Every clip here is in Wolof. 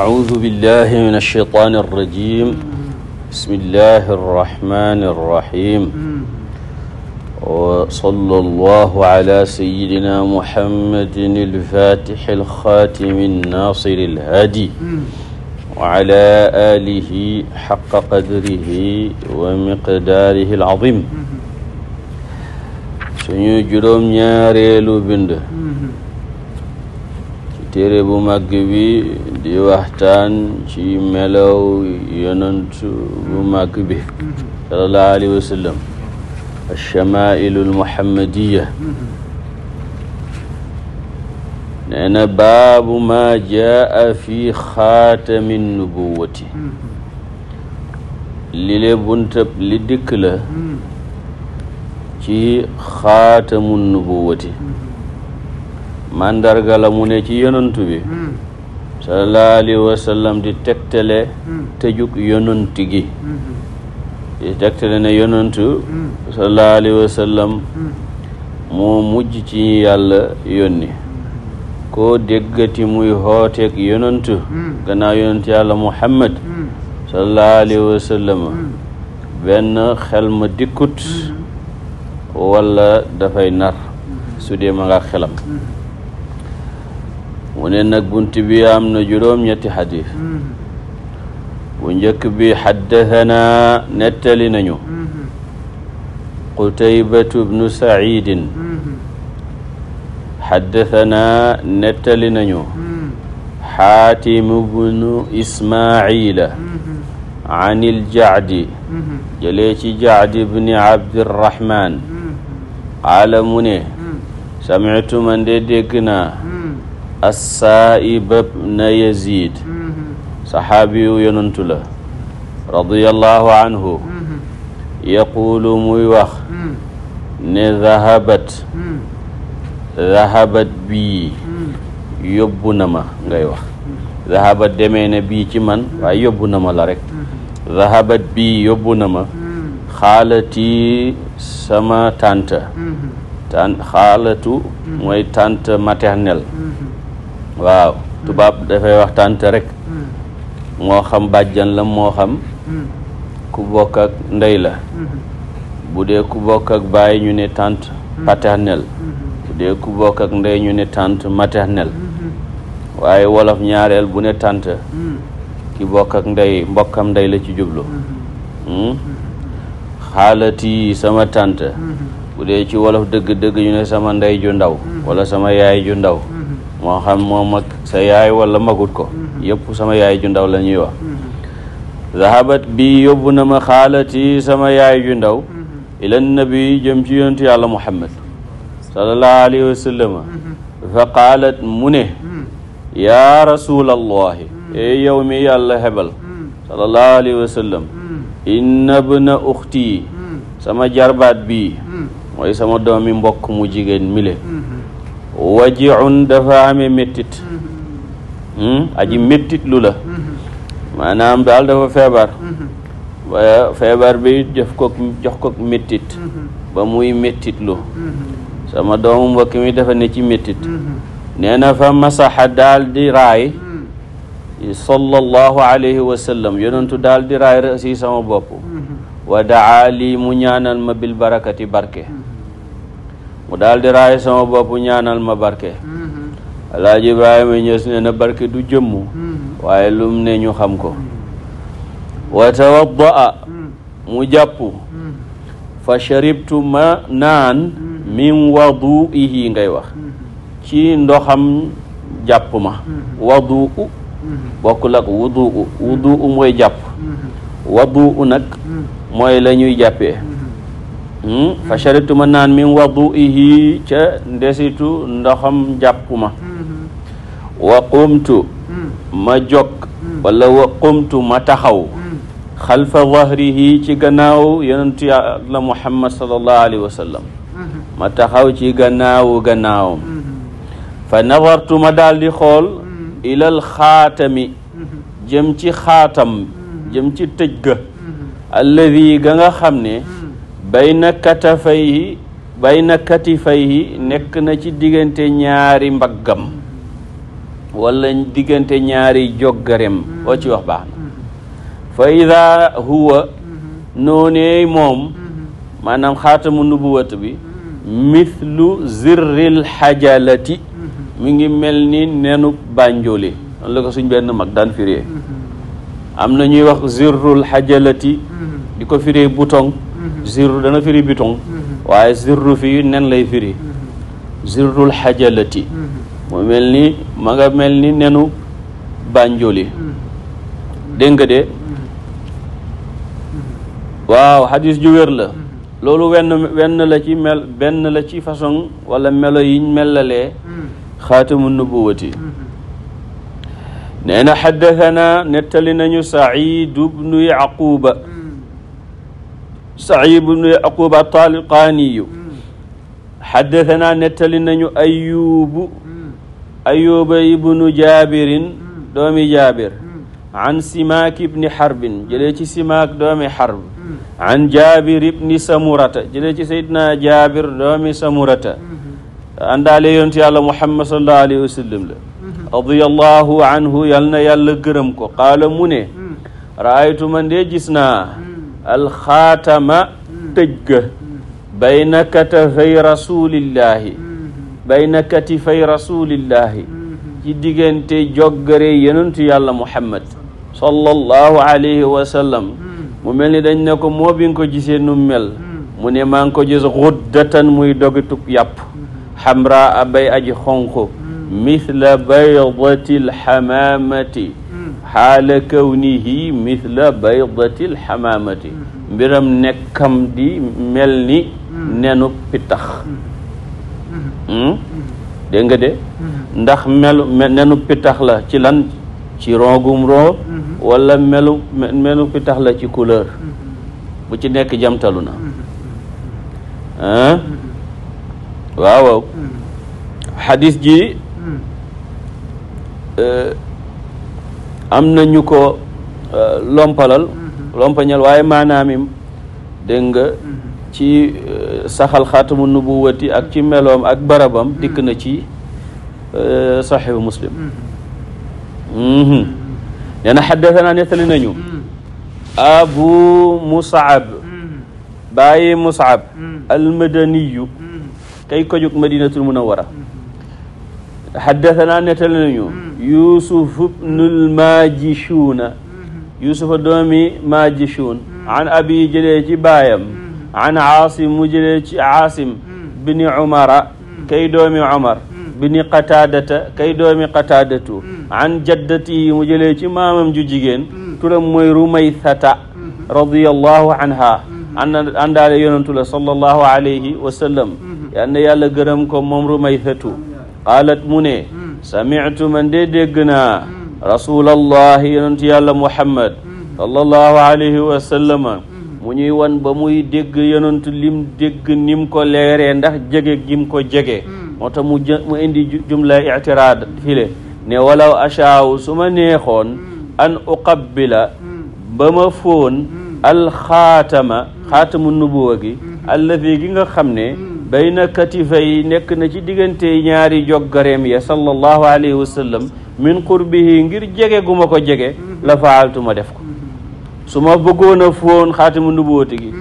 أعوذ بالله من الشيطان الرجيم بسم الله الرحمن الرحيم وصلى الله على سيدنا محمد الفاتح الخاتم الناصر الهادي وعلى آله حق قدره ومقداره العظيم suñu juróom ñaareelu bind téere bu màgg bi di waxtaan ci melow yonent bu màgg bi sallallahu alayhi wa sallam alchamailu almuhammadiya nee na baabu ma jaa fi xaatami nubuwati li le buntab li dikk la ci xaatamu nubuwati màndarga la mu ne ci yonent bi hmm. sallallahu alayhi di tegtale hmm. tëjug yonent gi hmm. di tegtale ne yonent sallallahu alayhi moo mujj ci yàlla yónni koo déggati muy hooteeg yonent gannaaw yonent yàlla muhammad sallallahu alayhi benn xel ma dikkut wala dafay nar su dee ma nga xelam mu ne nag bunt bi am na juróom-ñetti xadis bu njëkk bi xaddatanaa nettali nañu qutaybatu bnu saciidin xaddatanaa nettali nañu xaatimu bnu ismaciila an iljacdi jëlee ci jacdi bni abdirahman qaala mu ne samictu man de dégg naa assaa'ib bna yazid mm-hmm. saxaabiyu yonantu la radiallahu anhu mm-hmm. yaquulu muy wax mm-hmm. ne dahabat dahabat bii yóbbu na ma ngay wax dahabat demee bii ci man waaye yóbbu na ma la rek dahabat bii yóbbu na ma xaalati sama tante tan xaalatu mooy tante maternelle waaw tubaab dafay waxtaan te rek mm. moo xam bàjjan la moo xam mm. ku bokk ak ndey la mm-hmm. bu dee ku bokk ak baay ñu ne tànt mm-hmm. paternelle mm-hmm. bu dee ku bokk ak ndey ñu ne tànt maternelle waaye wolof ñaareel bu ne tànt mm. ki bokk ak ndey mbokkam ndey la ci jublu hmm? xaalati sama tànt bu dee ci wolof dëgg-dëgg ñu ne sama ndey ju ndaw wala sama yaay ju ndaw moo xam moom sa yaay wala magut ko mm-hmm. yëpp sama yaay ju ndaw la ñuy wax mm-hmm. zahabat bi yóbbu na ma xaalati sama yaay ju ndaw mm-hmm. ila nabi jëm ci yontu yàlla muhammad sallallahu alayhi wa sallama qaalat mu ne mm. yaa rasulallahi mm. ey yow mi yàlla hebal mm. sallallahu alayhi wa inna bna uxti sama jarbaat bii mooy sama doomi mbokk mu jigéen mile wajiun dafa amee méttit hmm? aji méttit lu la maanaam daal dafa feebar bi jox kok metit ba muy méttit lu sama doomu mbokk mi dafa ne ci metit nee na fa masaxa daal di raay sallallahu alayhi wa sallam yonentu daal di raay si sama bopp wa daa mu ñaanal ma bil barakati barke mu daal di raay sama bopp ñaanal ma barke mm-hmm. alaaji ibrahima ñës ne na barke du jëmm mm-hmm. waaye lum ne ñu xam ko wa tawaddaa mm-hmm. mu jàpp fa sharibtu ma naan min waduihi ngay wax ci ndoxam jàpp ma waduu bokkul ak wuduu wuduu mooy jàpp waduu nag mooy la ñuy jàppee Hmm? fa sharitu ma naan min waduihi ca ndesitu ndoxam njàppuma mm-hmm. wa qumtu mm. ma jog mm. wala wa qumtu ma taxaw mm. xalfa zahrihi ci gannaaw yonentu yàlla muhammad salallahu alayhi wa sallam mm-hmm. ma taxaw ci gannaawu gannaawam mm-hmm. fa nadartu ma daal di xool ilal xaatami jëm ci xaatam jëm ci tëj ga alladi ga nga xam ne bayna katafayhi bayna katifayhi nekk na ci diggante ñaari mbaggam wala diggante ñaari joggarem oo ci wax baax na fa ida huwa nooneey moom maanaam xaatamu nubuwat bi mithlu zirril xajalati mu ngi mel ni nenu bànjoole noonu benn mag daan firee am na ñuy wax zirrul xajalati di ko firee bouton Mhm. zirru dana firi biton mhm. waaye zirru fii nen lay firi mhm. zirrul xajalati mu mel ni ma mel ni nenu bànjoli dégg nga de waaw xadis ju la loolu wenn la ci mel benn la ci façon wala melo yiñ melalee xaatamu nubuwati nee na nettali nañu said ubnu yaquba saciib ibnu yaquub at-taaliqaaniyu xaddatanaa hmm. nettali nañu ayuubu hmm. ayuuba ibnu jaabirin hmm. doomi jaabir an simaak ibni xarbin jëlee ci simaak doomi xarb an jaabir ibni samurata jëlee ci seydina jaabir doomi samurata àndaale yonent yàlla muhammad sallallahu alayhi wa sallam la radiyallahu anhu yal na yàlla gërëm ko qaala mu ne raaytu man de gis naa alxaatama tëj ga bayna katifay rasulillahi bayna katifay rasulillahi ci diggante joggare yenentu yàlla muhammad sallallahu alayhi mu mel ni dañ ne ko moo bi nga mel mu ne maa ngi ko gis xuddatan muy dogituk yàpp xamra abay aji xonq mithla baydati alxamamati xaala kawnihi mithla baydati lxamaamati mbiram nekkam di mel ni nenu pittax hmm? dégg de ndax mel nenu pittax la ci lan ci rongum roo wala melu melu pittax la ci couleur bu ci nekk jamtalu na ah ji hmm. euh, am na ñu ko euh, lompalal mm-hmm. lompañal waaye maanaamim dégg nga mm-hmm. ci euh, saxal xaatamu nubuwati ak ci meloom ak barabam mm-hmm. dikk na ci euh, saxiihu muslim nee na xaddatanaa nettali nañu abu musaab bàyyi musaab almadaniyu kay kojug madinatul munawara xaddatanaa nettali nañu yusuf bnul maajishuuna yusufa doomi maajishuun an abi jëlee ci baayam an aasim mu jëlee ci aasim bini umara kay doomi umar bini qataadata kay doomi qataadatu an jaddati mu jëlee ci maamam ju jigéen turam mooy rumaythata radiyallahu anha àndaale yonantu la sallallahu alayhi wa sallam yal na yàlla gërëm ko moom rumaythatu qaalat mu ne sami'tu man dee dégg naa rasulallahi yonentu yàlla muhammad sallallahu alayhi wa sallama mu ñuy wan ba muy dégg yonentu lim dégg nim ko leeree ndax jege gim ko jege moo tax mu mu indi jumla ictiraad file ne walaw ashaaw su ma neexoon an uqabbila ba ma foon alxaatama xaatamu nubuwa gi alladi gi nga xam ne bayna katifay nekk na ci diggante ñaari joggareem ya sallallahu alayhi wa min qurbihi ngir jege gu ko jege la faaltu ma def ko su ma bëggoon a foon xaatimu nubuwati gi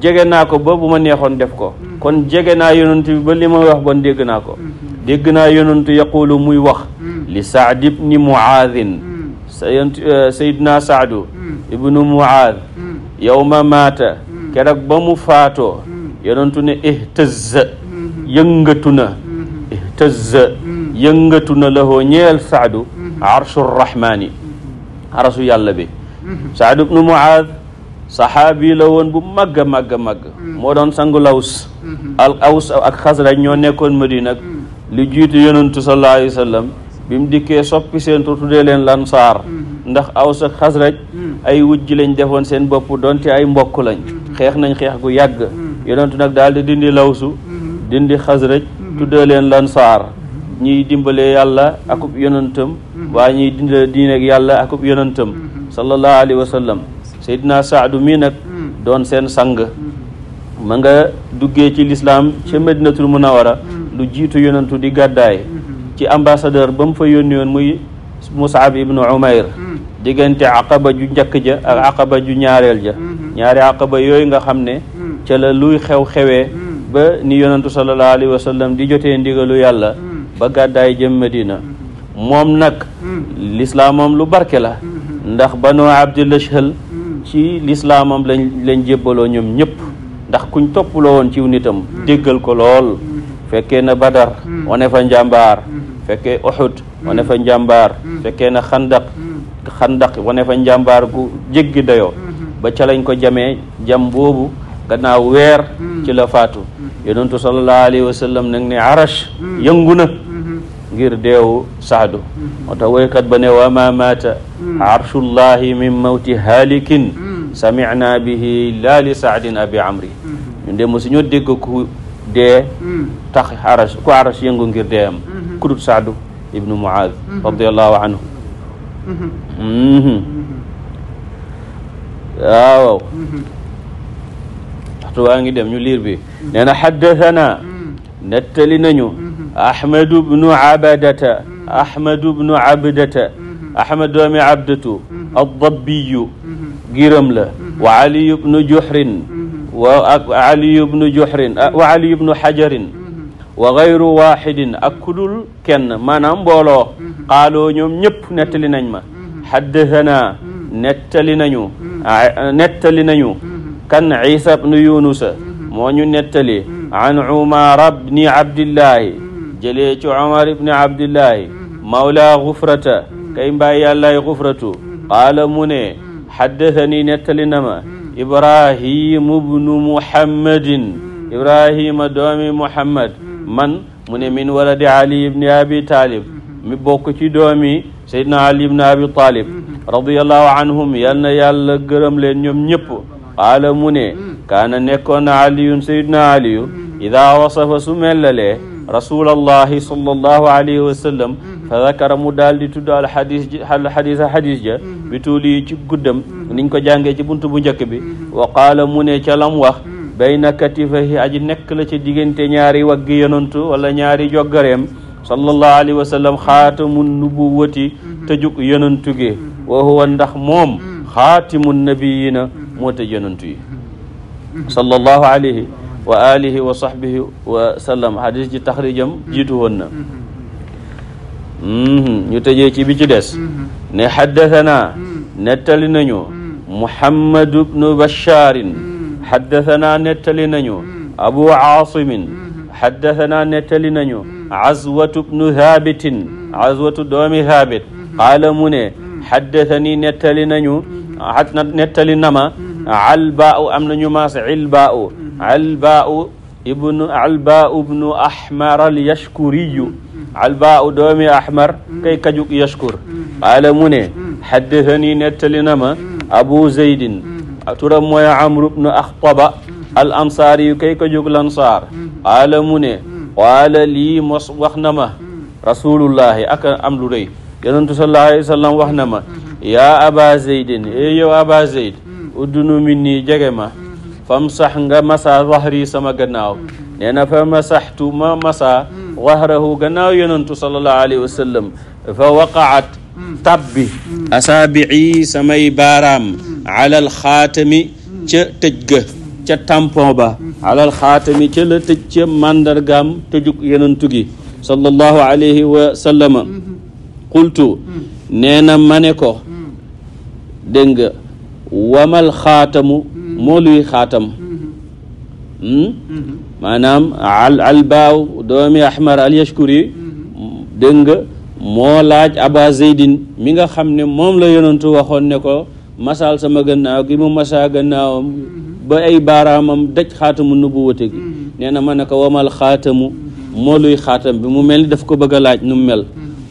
jege naa ko ba bu ma neexoon def ko kon jege naa yonent bi ba li ma wax bon dégg naa ko dégg naa yonent yaqulu muy wax li saad ibni muaadin sayidna eh, saadu ibnu muaad yowma maata keroog ba mu faatoo yonentu ne ihtaz yëngatu na ihtaz yëngatu na lahoo ñeel saadu arshu rahmaani arasu yàlla bi saad ibnu muaad saxaabi la woon bu màgg a màgg a màgg moo doon sangu laws al aws ak xasraj ñoo nekkoon madina lu jiitu yonentu sallallahu alayhi wa sallam bi mu dikkee soppi seen tur tuddee leen lansaar ndax aws ak xasraj ay wujj lañ defoon seen bopp doonte ay mbokk lañ xeex nañ xeex gu yàgg yonentu nag daal di dindi lawsu mhm. dindi xasraj mhm. tuddee leen lansaar ñiy dimbalee yàlla akub mhm. yonentam waaye ñiy dindale diineeg yàlla akub yonentam sallallahu alayhi wa sallam seydina saadu mii nag doon seen sang ma nga duggee ci lislaam ca madinatul munawara lu jiitu yonentu di gàddaay ci ambassadeur ba mu fa yónni yoon muy musaab ibnu umayr diggante aqaba ju njëkk ja ak aqaba ju ñaareel ja ñaari àqaba yooyu nga xam ne hmm. ca la luy xew-xewee hmm. ba ni yonentu sallallahu alayhi wa di jotee ndigalu yàlla hmm. ba gàddaay jëm Madina moom nag lislaamam lu barke la ndax banu Abdul Ashhal ci lislaamam lañ lañ jébbaloo ñoom ñëpp ndax kuñ toppaloo woon ciw nitam déggal ko lool fekkee na Badar wane fa njàmbaar fekkee Uhud wane fa njàmbaar fekkee na xandaq xandaq wane fa njàmbaar gu jéggi dayoo ba ca lañ ko jamee jam boobu gannaaw weer mm. ci la faatu mm-hmm. yonentu sallallahu alayhi wa sallam nag ne arash mm. yëngu na mm-hmm. ngir deewu saadu mm-hmm. moo tax woykat ba ne wa ma maata mm. arshullahi min mawti haalikin samina bihi laa li saadin abi amri ñun de mosuñu dégg ku dee tax arash ku arash yëngu ngir deeyam kudut saadu ibnu muaad anhu waaw mm-hmm. waxtu waa ngi dem ñu liir bi nee na xaddathana mm-hmm. nettali nañu mm-hmm. ahmadu bnu abadata ahmadu bnu abdata ahmad doomi abdatu addabiyu giram la wa aliyu bnu juhrin wa aliyu bnu juhrin wa aliyu bnu hajarin wa gayru waxidin ak kudul kenn maanaam mbooloo qaaloo ñoom ñëpp nettali nañ ma xaddathana nettali nañu Ah, nettali nañu mm-hmm. kan isa bnu yunusa mm-hmm. moo ñu nettali mm-hmm. an umara bni abdillahi jëlee ci umar ibni abdillahi mawla gufrata kay mbaay yàllaay gufratu qaala mu ne xaddathani nettali na ma ibrahimu bnu muhammadin ibrahima doomi muhammad man mu ne min waladi ali ibni abi talib mi bokk ci doomi sayidna ali ibni abi talib radiallahu anhum yal na yàlla gërëm leen ñoom ñëpp qaala mu ne kaana nekkoon na aliyun sayidna aliyu ida wasafa su mellalee rasulallahi sallallahu alayhi wa sallam fa zakara mu daal di tudd al xadis al xadis a xadis ja bi tuuli ci guddam niñ ko jàngee ci buntu bu njëkk bi wa qaala mu ne ca lam wax bayna katifahi aji nekk la ci diggante ñaari waggi yonantu wala ñaari joggareem sallallahu alayhi wa sallam xaatamu nubuwati tëjug yonantu gi wa huwa ndax moom mm. xaatimu nabiyina mm. moo tëj yonantu yi sallallahu alayhi wa alihi wa sahbihi wa sallam hadis ji taxrijam mm. jiitu woon na mm-hmm. Mm-hmm. ñu tëjee ci bi ci des mm-hmm. ne xaddathana nettali nañu muhammadu bnu basharin xaddathana nettali nañu abu aasimin xaddathana nettali nañu azwatu bnu haabitin azwatu doomi haabit qaala mu ne xaddatani nettali nañu nettali nama albaau am nañu maas ilbaau albaau ibnu albaau ibnu ahmar al yashkuriyu albaau doomi ahmar kay kajug yashkur qaala mu ne xaddatani nettali nama abu zeydin turam mooy amru bnu axtaba al ansaari yu kay kajug lansaar qaala mu ne qaala lii mos wax na ma rasulullahi ak am lu rëy yonentu sallallahu alayhi wa sallam wax na ma mm-hmm. yaa aba zeydin e eh, yow aba zeyd mm-hmm. uddunu min nii jege ma mm-hmm. fam sax nga masa wahri sama gannaaw nee na fa masaxtu ma masa wahrahu gannaaw yonentu sallallahu alayhi wa sallam fa waqaat tabbi asaabici samay baaraam alal xaatami ca tëj ga ca tampon ba alal xaatami ca la tëj ca mandargaam tëjug yonentu gi sallallahu alayhi wa sallama qultu nee na ma ko dégg nga wamal xaatamu moo luy xaatam hmm? maanaam al albaaw doomi ahmar al yashkuri nga moo laaj aba zeydin mi nga xam ne moom la yonantu waxoon ne ko masal sama gannaaw gi mu masaa gannaawam ba ay baaraamam daj xaatamu nubuwate gi hmm. nee na ma ne ko wamal xaatamu moo luy xaatam bi mu mel ni daf ko bëgg a laaj nu mu mel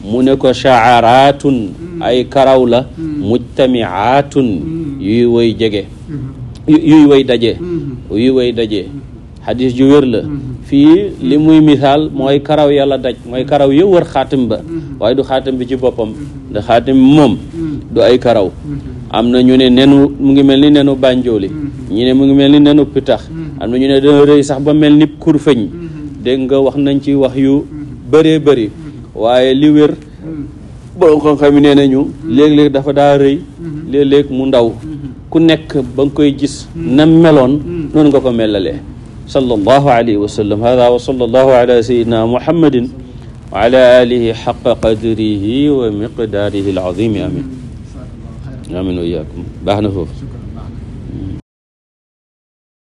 mu ne ko shaaraatun mm. ay karaw la mm. mujtamiaatun mm. yuy woy jege mm-hmm. yuy woy daje mm-hmm. yuy woy daje mm-hmm. xadis ju wér la fii li muy misaal mooy karaw yàlla daj mooy karaw yë wër xaatim ba waaye du xaatim bi ci boppam ndax xaatim moom du ay karaw am na ñu ne nenu mu ngi mel ni nenu bànjooli ñu ne mu ngi mel ni nenu pitax am na ñu ne dana rëy sax ba mel ni kurfëñ dégg nga wax nañ ci wax yu bëree bëri waaye li wér borom xam-xam yi nee nañu léeg-léeg dafa daa rëy léeg-léeg mu ndaw ku nekk ba nga koy gis na meloon noonu nga ko melalee sallallahu alayhi wa sallam hada wa sallallahu ala sayidina muhammadin wa ala alihi xaqa qadrihi wa miqdaarihi al